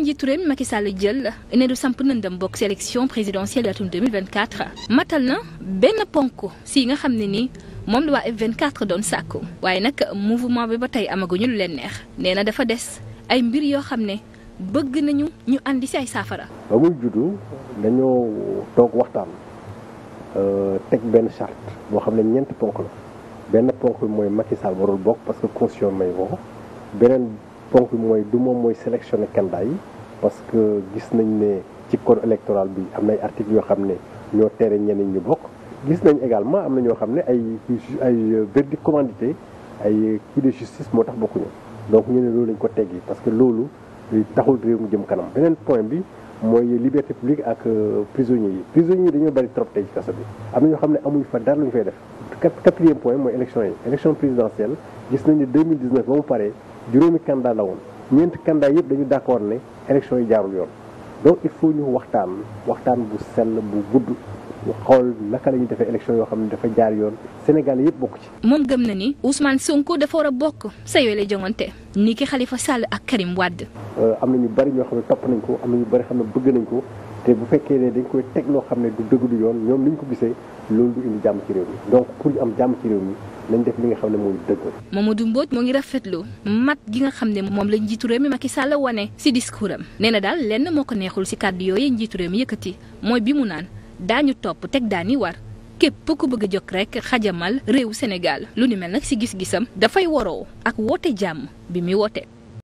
njiitu réew mi Macky Sall jël ne du samp nëndam bokk si élection présidentielle atum 2024 matal na benn ponk si nga xam ne ni moom la waa F24 doon sàkku waaye nag mouvement bi ba tey amaguñu lu leen neex nee na dafa des ay mbir yoo xam ne bëgg nañu ñu indi si ay saafara. ba muy juddu dañoo toog waxtaan euh, teg benn charte boo xam ne ñeenti ponk la benn ponk bi mooy Macky Sall warul bokk parce que constitution may woo beneen. ponk bi mooy du moom mooy sélectionné candidat yi parce que gis nañ ne ci code électoral bi am na ay articles yoo xam ne ñoo tere ñeneen ñu bokk gis nañ également am na ñoo xam ne ay ay verdict commandité ay coup de justice moo ñu ne loolu lañ ko teggi parce que loolu taxul réew mu jëm kanam beneen point bi mooy liberté publique ak euh, prisonniers yi prisonniers yi dañoo bari trop tey ci kaso bi am na ñoo xam ne amuñ fa dara lu ñu fay def quatrième point mooy élection yi élection présidentielle gis nañ ne ba mu juróomi candidat la woon ñeent candidat yëpp dañu d'accord ne élection yi jaarul yoon donc il faut ñu waxtaan waxtaan bu sell bu gudd ñu xool naka la ñuy defee élection yoo xam ne dafa jaar yoon Sénégal yëpp bokk ci. moom gëm na ni Ousmane Sonko dafa war a bokk sa yooyu la jongante ni ki xalifa Sall ak Karim Wade. Euh, am na ñu bari ñoo xam ne topp nañ ko am na ñu bari xam ne bëgg nañ ko. te bu fekkee ne dañ koy teg loo xam ne du dëgg du yoon ñoom ni ñu ko gisee loolu du indi jàmm ci réew mi donc pour ñu am jàmm ci réew mi nañ def li nga xam ne moo ngi rafetlu mat gi nga xam ne moom la njiitu réew mi Macky Sall wane si discours am nee na daal lenn moo ko neexul si kàddu yooyu njiitu réew mi yëkkati mooy bi mu naan daañu topp teg daan yi war képp ko bëgg a jokk rek xajamal réewu senegal lu ni mel nag si gis-gisam dafay waroo ak woote jàmm bi muy woote.